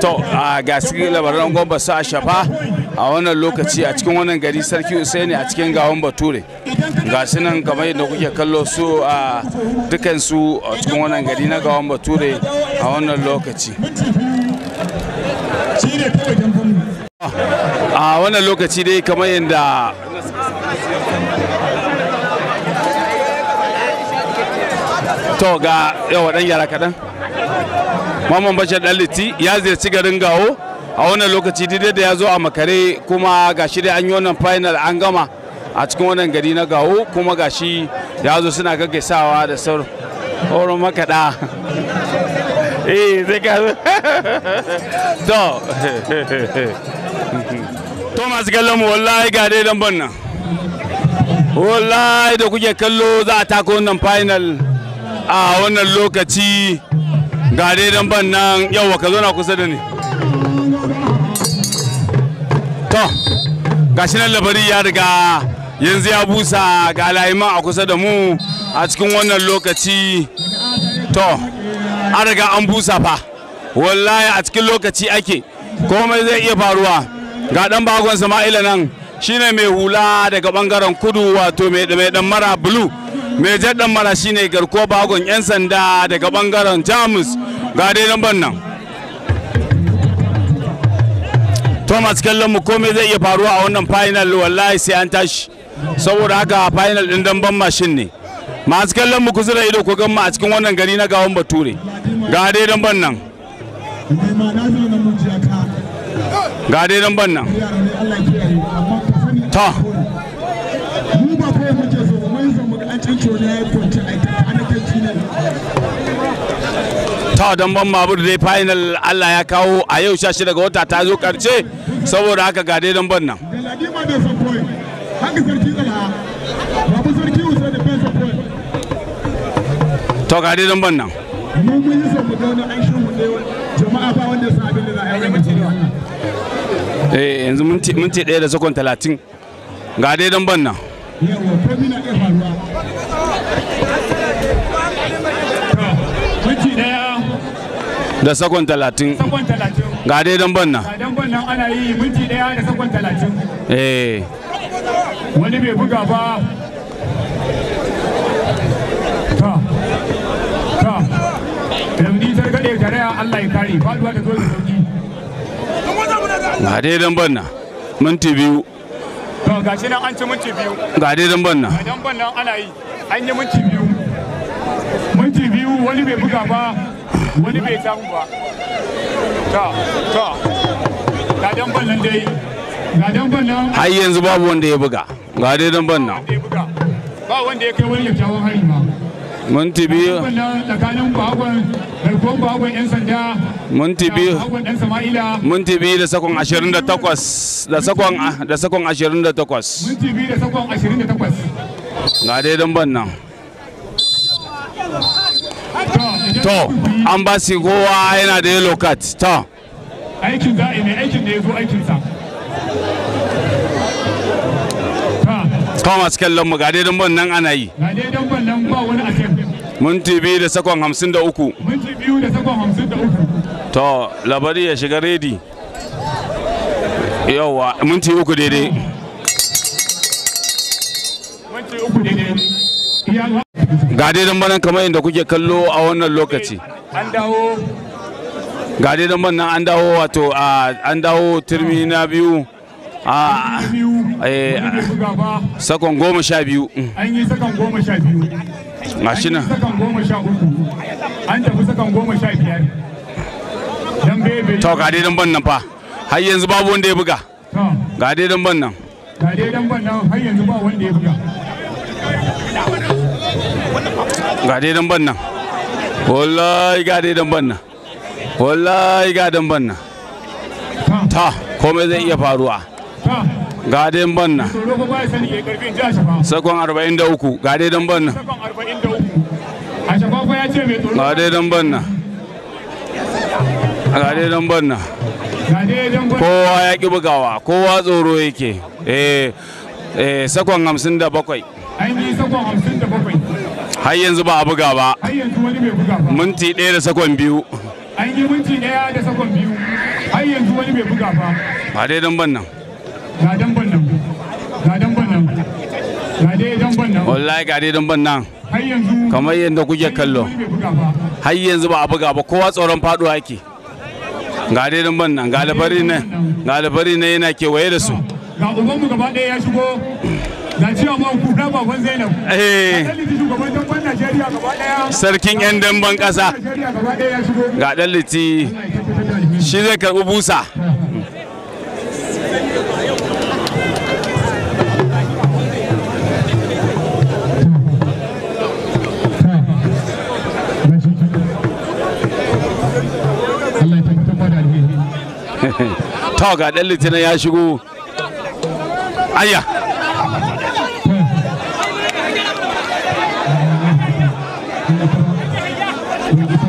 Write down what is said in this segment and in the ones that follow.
to a ga labaran gwamba su a shafa a wannan lokaci a cikin wannan gari sarki usaini a cikin gawan bature ga su nan kamar yadda kuke kallo su a dukansu a cikin wannan gari na gawan bature a wannan lokaci a wannan lokaci dai kamar yadda to ga yawa dan yara kaɗan Mamman Bashar Daliti ya ziyarci garin Gawo a wannan lokaci daidai da ya zo a makare kuma ga shi dai an yi wannan final an gama a cikin wannan gari na Gawo kuma ga shi ya zo suna gaggaisawa da sauran makada Eh zai ka To. To masu kallon mu wallahi ga dai dan bannan. Wallahi da kuke kallo za a tako wannan final a wannan lokaci ga dai dan ban nan yawa ka zo na kusa da ni to gashi nan labari ya riga yanzu ya busa ga alayima a kusa da mu a cikin wannan lokaci to an riga an busa fa wallahi a cikin lokaci ake komai zai iya faruwa ga dan bagon sama'ila nan shine mai hula daga bangaren kudu wato mai dan mara blue mai jaddan mara shine garko bagon yan sanda daga bangaren jamus ga dai lambar nan thomas kallon mu komai zai iya faruwa a wannan final wallahi sai an tashi saboda haka final din damban mashin ne masu kallon mu kusa da ido ku gan mu a cikin wannan gari na gawan bature ga dai lambar nan ga dai lambar nan ta mu ba ko muke so mun san mu an cinco ne kokawa ban babur dai final Allah ya kawo a yau 16 ga wata ta zo karce saboda haka ga dai ban nan to ga dai ban nan eh yanzu minti 1 da sakon talatin ga dai ban nan da sakon talatin ga dai don banna ga don banna ana yi minti daya da sakon talatin eh wani bai buga ba ta ta yanzu targaɗe tare Allah ya kari faduwa da zo da sauki ga dai don banna minti biyu ga shi nan an ci minti biyu ga dai don banna ga don banna ana yi an yi minti biyu minti biyu wani bai buga ba wani bai ba ga damban nan dai ga yanzu babu wanda ya buga ga dai damban nan ba wanda ya kai wani kyakkyawan hari ma minti biyu tsakanin bagon garkon da sakon 28 da sakon da sakon 28 minti biyu da sakon 28 ah, ga dai damban nan to an ba su kowa yana da yellow card to aikin za a aikin da ya zo aikin sa Thomas kallon mu ga dai ban nan ana yi. Ga dai ban nan ba wani a kan. Minti biyu da sakon hamsin da uku. Minti biyu da sakon hamsin da uku. To labari ya shiga redi. Yawwa minti uku daidai. Minti uku daidai. ga dai dan banan kamar inda kuke kallo a wannan lokaci an dawo ga dai dan banan an dawo wato an dawo turmi na biyu a eh, sakon goma sha biyu an yi sakon goma sha biyu gashi na sakon goma sha uku an tafi sakon goma sha biyar bebe to ga dai dan banan fa har yanzu babu wanda ya buga ga dai dan banan ga dai dan banan har yanzu ba wanda ya buga gade dai banna wallahi gade dai banna wallahi gade damban nan ta komai zai iya faruwa gade dai banna sakon 43 gade dai banna gade ga banna gade nan banna kowa ya ƙi bugawa kowa tsoro yake eh, eh sakon 57 an yi sakon 57 har yanzu ba a buga ba minti ɗaya da sakon biyu an yi minti ɗaya da sakon biyu har yanzu wani bai buga ba ba dai don ban nan ga dan ban nan ga dan ban nan ga dai dan ban nan wallahi ga dai don ban nan kamar yadda kuke kallo har yanzu ba a buga ba kowa tsoron faduwa yake ga dai don ban nan ga alfari ne ga alfari ne yana kewaye da su ga ubanmu gaba ɗaya ya shigo Eh. sarkin yan damban kasa ga dan liti shi zai karbi busa to ga dan litinin ya shigo ayya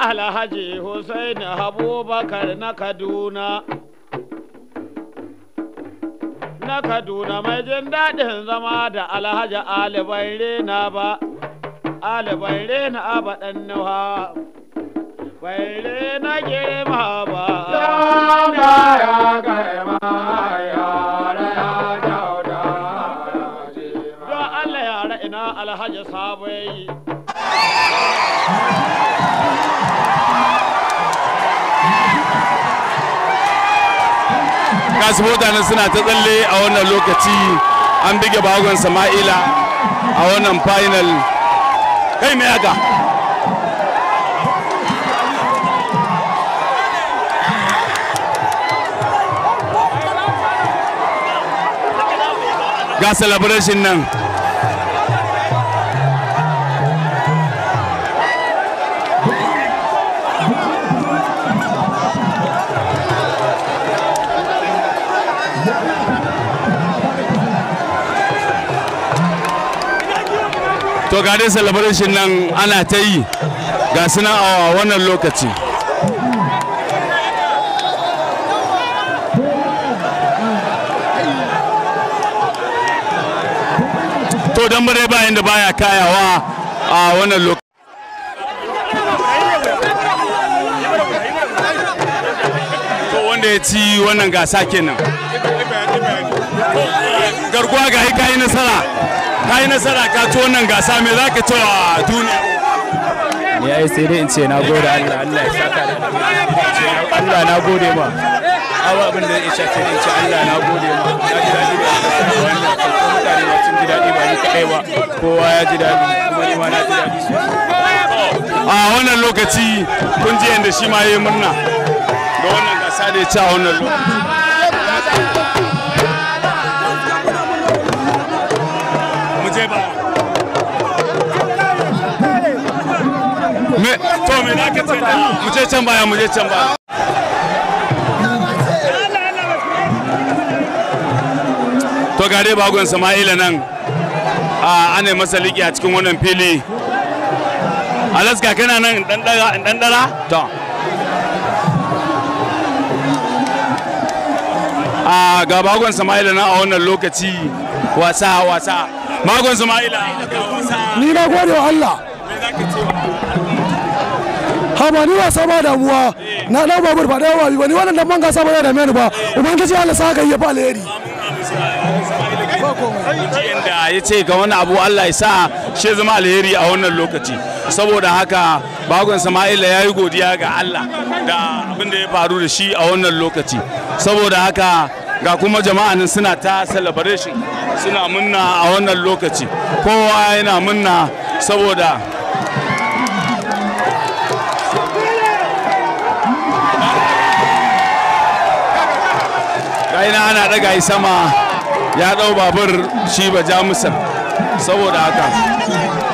Alhaji Hussein Abubakar na Kaduna. Na Kaduna mai jin daɗin zama da Alhaji Ali Bayre na ba, Ali Bayre na ba ɗan nuha. Kwaire na girma ba. Zauna ya kai ma yara ya dauda Don Allah yara ina alhaji sabo yi. Kasu mutanen suna ta tsalle a wannan lokaci an bige bagon Sama'ila a wannan final. Kai mai aka. ga celebration nan to ga dai celebration nan ana ta yi ga sunan a wannan lokaci to don bare ba yanda baya kayawa a wannan lokacin wanda ya ci wannan gasa kenan garkuwa ga ka yi nasara ka yi nasara ka ci wannan gasa me za ka ci wa duniya ya yi sai dai in ce na gode Allah Allah ya saka da Allah na gode ma awa abin da ya shafi in ce Allah na gode ma na ji daɗi da wannan mutane ba sun ji daɗi ba ni kaɗai ba kowa ya ji daɗi kuma ni ma na ji daɗi a wannan lokaci kun ji yadda shi ma ya yi murna da wannan gasa da ya ci a wannan lokaci me to me na ka tsaya mu je can baya mu je can baya to bagon sama'ila nan a ana masa liƙi a cikin wannan fili alaska kana nan dan dara to a ga bagon sama'ila nan a wannan lokaci wasa wasa bagon sama'ila ni na gode wa Allah ha ba ni wasa ba damuwa na dan babur ba dan wabi ba ni wannan dan man gasa ba da meni ba ubangiji Allah saka yi fa alheri inda ya ce ga wani abu Allah ya sa shi zama alheri a wannan lokaci saboda haka bagon Sama'ila ya yi godiya ga Allah da abin da ya faru da shi a wannan lokaci saboda haka ga kuma jama'a nan suna ta celebration suna munna a wannan lokaci kowa yana munna saboda ana daga yi sama ya dau babur shi ba jamusan saboda haka